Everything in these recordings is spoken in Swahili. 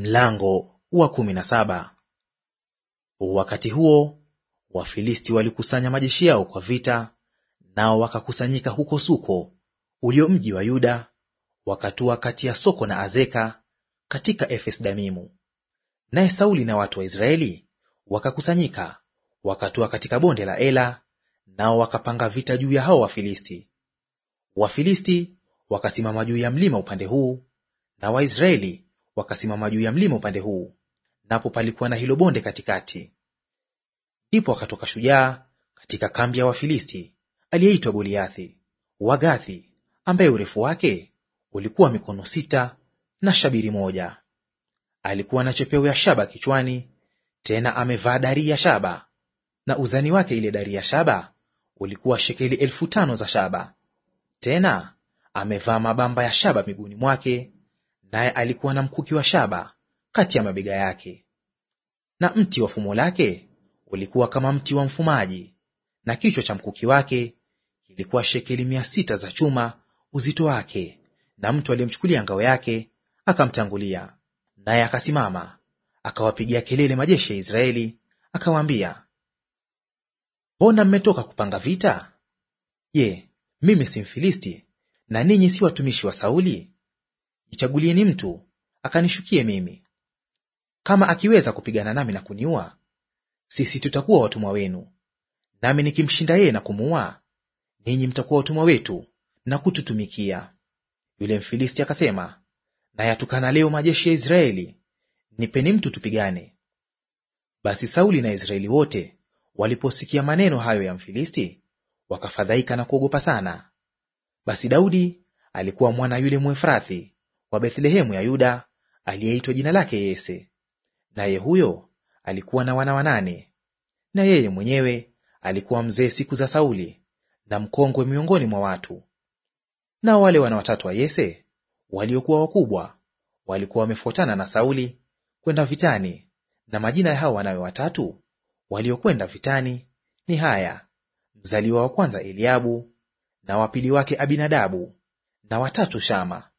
Mlango wa kumi na saba. Wakati huo Wafilisti walikusanya majeshi yao kwa vita, nao wakakusanyika huko Suko ulio mji wa Yuda, wakatua kati ya Soko na Azeka katika Efes-Damimu. Naye Sauli na watu wa Israeli wakakusanyika wakatua katika bonde la Ela, nao wakapanga vita juu ya hao Wafilisti. Wafilisti wakasimama juu ya mlima upande huu, na Waisraeli wakasimama juu ya mlima upande huu, napo palikuwa na hilo bonde katikati. Ndipo akatoka shujaa katika kambi ya Wafilisti aliyeitwa Goliathi Wagathi, ambaye urefu wake ulikuwa mikono sita na shabiri moja. Alikuwa na chepeo ya shaba kichwani, tena amevaa dari ya shaba, na uzani wake ile dari ya shaba ulikuwa shekeli elfu tano za shaba. Tena amevaa mabamba ya shaba miguuni mwake naye alikuwa na mkuki wa shaba kati ya mabega yake. Na mti wa fumo lake ulikuwa kama mti wa mfumaji, na kichwa cha mkuki wake kilikuwa shekeli mia sita za chuma uzito wake. Na mtu aliyemchukulia ngao yake akamtangulia, naye akasimama, akawapigia kelele majeshi ya Israeli, akawaambia, mbona mmetoka kupanga vita? Je, mimi si Mfilisti, na ninyi si watumishi wa Sauli? jichagulieni mtu akanishukie mimi. Kama akiweza kupigana nami na kuniua, sisi tutakuwa watumwa wenu; nami nikimshinda yeye na kumuua, ninyi mtakuwa watumwa wetu na kututumikia. Yule Mfilisti akasema, nayatukana leo majeshi ya Israeli, nipeni mtu tupigane. Basi Sauli na Israeli wote waliposikia maneno hayo ya Mfilisti, wakafadhaika na kuogopa sana. Basi Daudi alikuwa mwana yule Mwefrathi, wa Bethlehemu ya Yuda aliyeitwa jina lake Yese. Naye huyo alikuwa na wana wanane, na yeye mwenyewe alikuwa mzee siku za Sauli na mkongwe miongoni mwa watu. Nao wale wana watatu wa Yese waliokuwa wakubwa walikuwa wamefuatana na Sauli kwenda vitani, na majina ya hao wanawe watatu waliokwenda vitani ni haya: mzaliwa wa kwanza Eliabu, na wapili wake Abinadabu, na watatu Shama.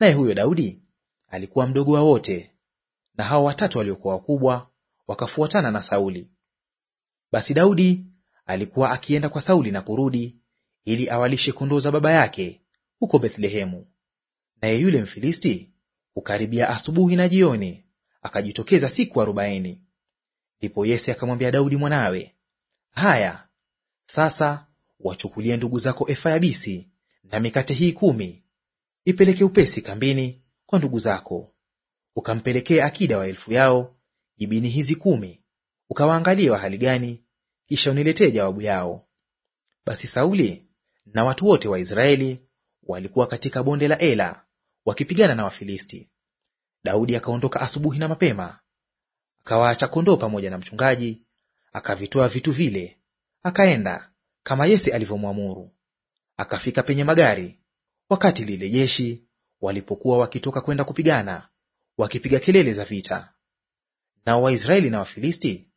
Naye huyo Daudi alikuwa mdogo wa wote, na hao watatu waliokuwa wakubwa wakafuatana na Sauli. Basi Daudi alikuwa akienda kwa Sauli na kurudi, ili awalishe kondoo za baba yake huko Bethlehemu. Naye yule Mfilisti kukaribia asubuhi na jioni, akajitokeza siku arobaini. Ndipo Yese akamwambia Daudi mwanawe, haya sasa wachukulie ndugu zako efa yabisi na mikate hii kumi Ipeleke upesi kambini kwa ndugu zako, ukampelekee akida wa elfu yao jibini hizi kumi, ukawaangalie wa hali gani, kisha uniletee jawabu yao. Basi Sauli na watu wote wa Israeli walikuwa katika bonde la Ela wakipigana na Wafilisti. Daudi akaondoka asubuhi na mapema, akawaacha kondoo pamoja na mchungaji, akavitoa vitu vile, akaenda kama Yese alivyomwamuru. Akafika penye magari wakati lile jeshi walipokuwa wakitoka kwenda kupigana, wakipiga kelele za vita. Nao Waisraeli na Wafilisti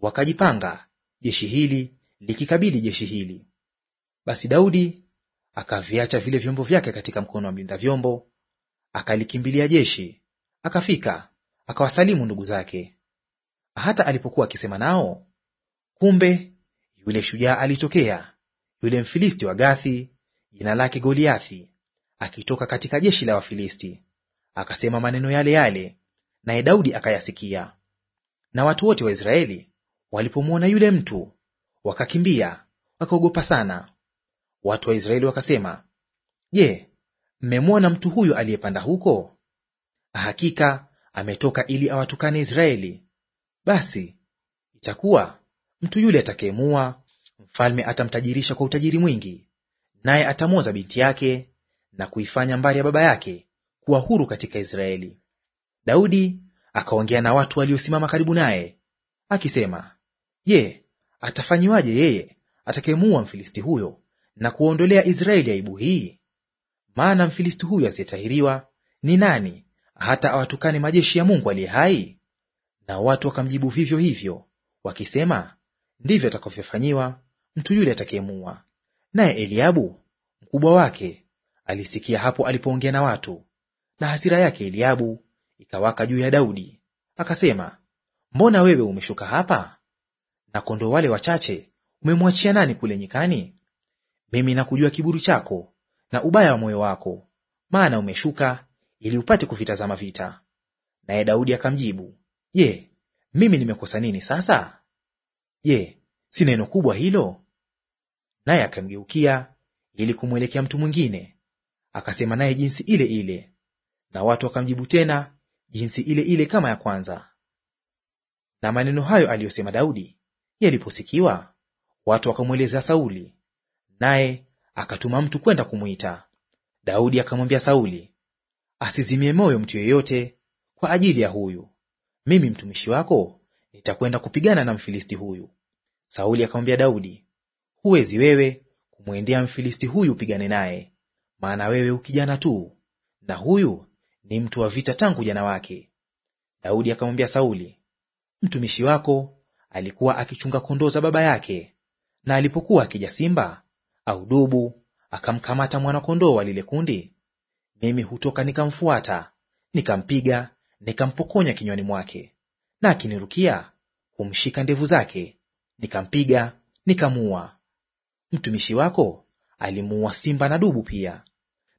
wakajipanga, jeshi hili likikabili jeshi hili. Basi Daudi akaviacha vile vyombo vyake katika mkono wa mlinda vyombo, akalikimbilia jeshi, akafika akawasalimu ndugu zake. Hata alipokuwa akisema nao, kumbe yule shujaa alitokea, yule Mfilisti wa Gathi, jina lake Goliathi, akitoka katika jeshi la Wafilisti. Akasema maneno yale yale, naye Daudi akayasikia. Na watu wote wa Israeli walipomwona yule mtu wakakimbia, wakaogopa sana. Watu wa Israeli wakasema, Je, mmemwona mtu huyo aliyepanda huko? Hakika ametoka ili awatukane Israeli. Basi itakuwa mtu yule atakayemua, mfalme atamtajirisha kwa utajiri mwingi, naye atamwoza binti yake na kuifanya mbari ya baba yake kuwa huru katika Israeli. Daudi akaongea na watu waliosimama karibu naye akisema, Je, atafanyiwaje yeye atakayemuua Mfilisti huyo na kuondolea Israeli aibu hii? Maana Mfilisti huyo asiyetahiriwa ni nani hata awatukane majeshi ya Mungu aliye hai? na watu wakamjibu vivyo hivyo wakisema, ndivyo atakavyofanyiwa mtu yule atakayemuua. Naye Eliabu mkubwa wake Alisikia hapo alipoongea na watu, na hasira yake Eliabu ikawaka juu ya Daudi, akasema, mbona wewe umeshuka hapa? Na kondoo wale wachache umemwachia nani kule nyikani? Mimi nakujua kiburi chako na ubaya wa moyo wako, maana umeshuka ili upate kuvitazama vita. Naye Daudi akamjibu, Je, mimi nimekosa nini sasa? Je, si neno kubwa hilo? Naye akamgeukia ili kumwelekea mtu mwingine akasema naye jinsi ile ile, na watu wakamjibu tena jinsi ile ile kama ya kwanza. Na maneno hayo aliyosema Daudi yaliposikiwa, watu wakamweleza Sauli, naye akatuma mtu kwenda kumwita Daudi. Akamwambia Sauli, asizimie moyo mtu yeyote kwa ajili ya huyu, mimi mtumishi wako nitakwenda kupigana na Mfilisti huyu. Sauli akamwambia Daudi, huwezi wewe kumwendea Mfilisti huyu, pigane naye maana wewe ukijana tu, na huyu ni mtu wa vita tangu jana wake. Daudi akamwambia Sauli, mtumishi wako alikuwa akichunga kondoo za baba yake, na alipokuwa akija simba au dubu akamkamata mwana-kondoo wa lile kundi, mimi hutoka nikamfuata, nikampiga, nikampokonya kinywani mwake, na akinirukia humshika ndevu zake, nikampiga, nikamua Mtumishi wako alimuua simba na dubu pia,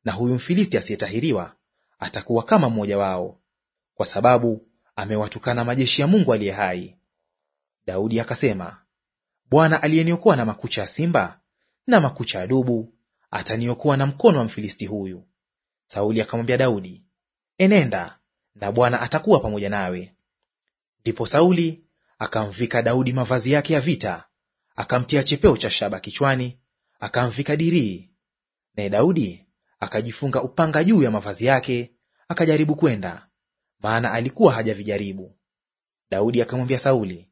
na huyu Mfilisti asiyetahiriwa atakuwa kama mmoja wao, kwa sababu amewatukana majeshi ya Mungu aliye hai. Daudi akasema, Bwana aliyeniokoa na makucha ya simba na makucha ya dubu ataniokoa na mkono wa Mfilisti huyu. Sauli akamwambia Daudi, enenda na Bwana atakuwa pamoja nawe. Ndipo Sauli akamvika Daudi mavazi yake ya vita, akamtia chepeo cha shaba kichwani akamvika dirii, naye Daudi akajifunga upanga juu ya mavazi yake, akajaribu kwenda, maana alikuwa hajavijaribu. Daudi akamwambia Sauli,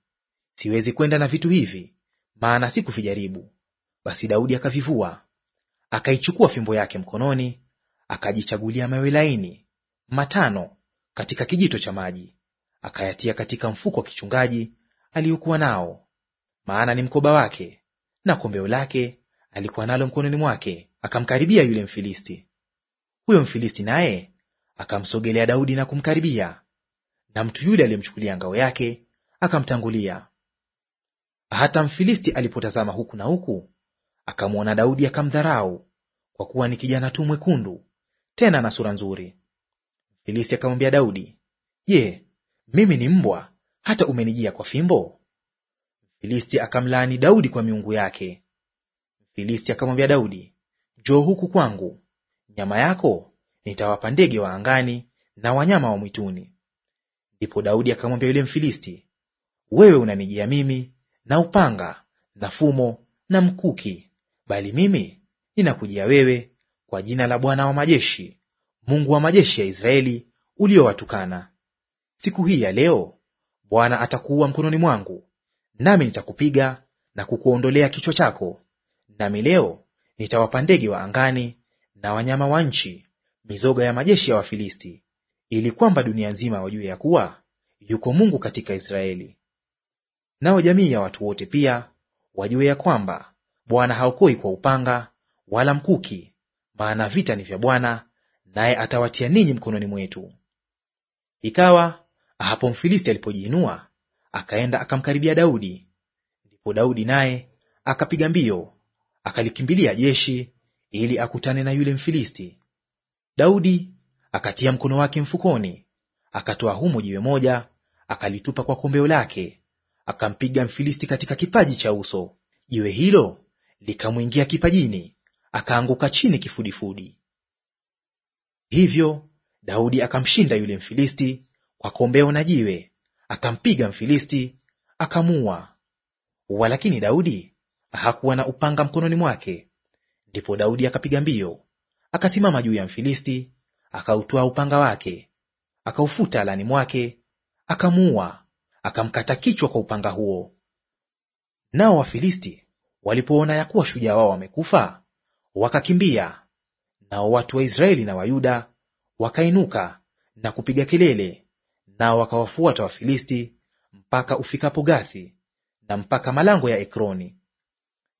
siwezi kwenda na vitu hivi, maana sikuvijaribu. Basi Daudi akavivua, akaichukua fimbo yake mkononi, akajichagulia mawe laini matano katika kijito cha maji, akayatia katika mfuko wa kichungaji aliyokuwa nao, maana ni mkoba wake na kombeo lake alikuwa nalo mkononi mwake, akamkaribia yule Mfilisti. Huyo Mfilisti naye akamsogelea Daudi na kumkaribia, na mtu yule aliyemchukulia ngao yake akamtangulia. Hata Mfilisti alipotazama huku na huku, akamwona Daudi akamdharau, kwa kuwa ni kijana tu mwekundu, tena na sura nzuri. Mfilisti akamwambia Daudi, Je, mimi ni mbwa hata umenijia kwa fimbo? Mfilisti akamlaani Daudi kwa miungu yake, Filisti akamwambia Daudi, njoo huku kwangu, nyama yako nitawapa ndege wa angani na wanyama wa mwituni. Ndipo Daudi akamwambia yule Mfilisti, wewe unanijia mimi na upanga na fumo na mkuki, bali mimi ninakujia wewe kwa jina la Bwana wa majeshi, Mungu wa majeshi ya Israeli, uliowatukana. Siku hii ya leo Bwana atakuua mkononi mwangu, nami nitakupiga na kukuondolea kichwa chako Nami leo nitawapa ndege wa angani na wanyama wa nchi mizoga ya majeshi ya Wafilisti, ili kwamba dunia nzima wajue ya kuwa yuko Mungu katika Israeli. Nao jamii ya watu wote pia wajue ya kwamba Bwana haokoi kwa upanga wala mkuki, maana vita ni vya Bwana, naye atawatia ninyi mkononi mwetu. Ikawa hapo Mfilisti alipojiinua, akaenda akamkaribia Daudi. Ndipo Daudi naye akapiga mbio akalikimbilia jeshi ili akutane na yule Mfilisti. Daudi akatia mkono wake mfukoni, akatoa humo jiwe moja, akalitupa kwa kombeo lake, akampiga Mfilisti katika kipaji cha uso. Jiwe hilo likamwingia kipajini, akaanguka chini kifudifudi. Hivyo Daudi akamshinda yule Mfilisti kwa kombeo na jiwe, akampiga Mfilisti akamuua. Walakini Daudi hakuwa na upanga mkononi mwake. Ndipo Daudi akapiga mbio, akasimama juu ya Mfilisti, akautoa upanga wake, akaufuta alani mwake, akamuua, akamkata kichwa kwa upanga huo. Nao Wafilisti walipoona ya kuwa shujaa wao wamekufa, wakakimbia. Nao watu wa Israeli na Wayuda wakainuka na kupiga kelele, nao wakawafuata Wafilisti mpaka ufikapo Gathi na mpaka malango ya Ekroni.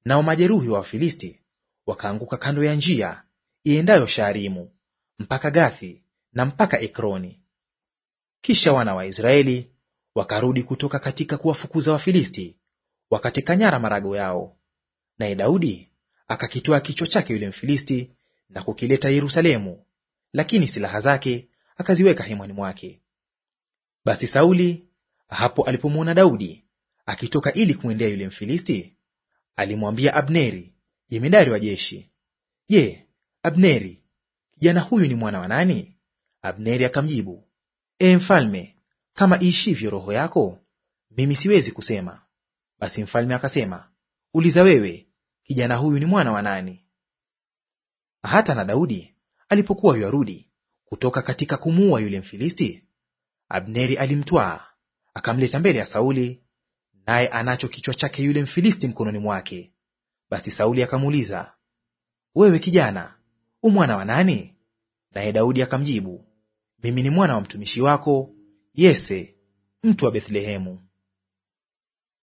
Nao majeruhi wa Wafilisti wakaanguka kando ya njia iendayo Shaarimu mpaka Gathi na mpaka Ekroni. Kisha wana wa Israeli wakarudi kutoka katika kuwafukuza Wafilisti, wakateka nyara marago yao. Naye Daudi akakitoa kichwa chake yule Mfilisti na kukileta Yerusalemu, lakini silaha zake akaziweka hemani mwake. Basi Sauli hapo alipomwona Daudi akitoka ili kumwendea yule Mfilisti, alimwambia Abneri jemedari wa jeshi, Je, Abneri kijana huyu ni mwana wa nani? Abneri akamjibu, E mfalme, kama iishivyo roho yako, mimi siwezi kusema. Basi mfalme akasema, uliza wewe, kijana huyu ni mwana wa nani? Hata na Daudi alipokuwa yuarudi kutoka katika kumuua yule Mfilisti, Abneri alimtwaa akamleta mbele ya Sauli, naye anacho kichwa chake yule Mfilisti mkononi mwake. Basi Sauli akamuuliza, wewe kijana, umwana wa nani? Naye Daudi akamjibu, mimi ni mwana wa mtumishi wako Yese, mtu wa Bethlehemu.